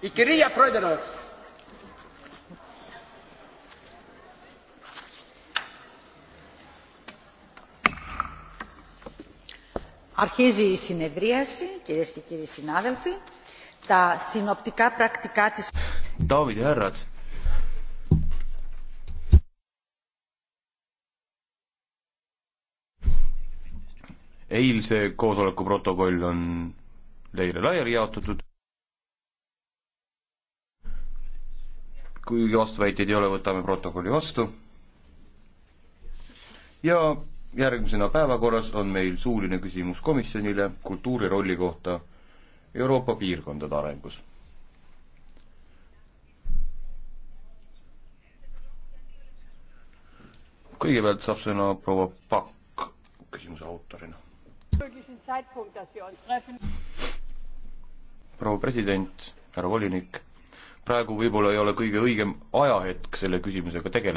Η κυρία Πρόεδρος. Αρχίζει η συνεδρίαση, κυρίες και κύριοι συνάδελφοι. Τα συνοπτικά πρακτικά της... David Herrat, eilse koosoleku protokoll on teile laiali jaotatud. kuigi vastuväiteid ei ole, võtame protokolli vastu. ja järgmisena päevakorras on meil suuline küsimus komisjonile kultuuri rolli kohta Euroopa piirkondade arengus. kõigepealt saab sõna proua Pakk küsimuse autorina. proua president, härra volinik praegu võib-olla ei ole kõige õigem ajahetk selle küsimusega tegeleda.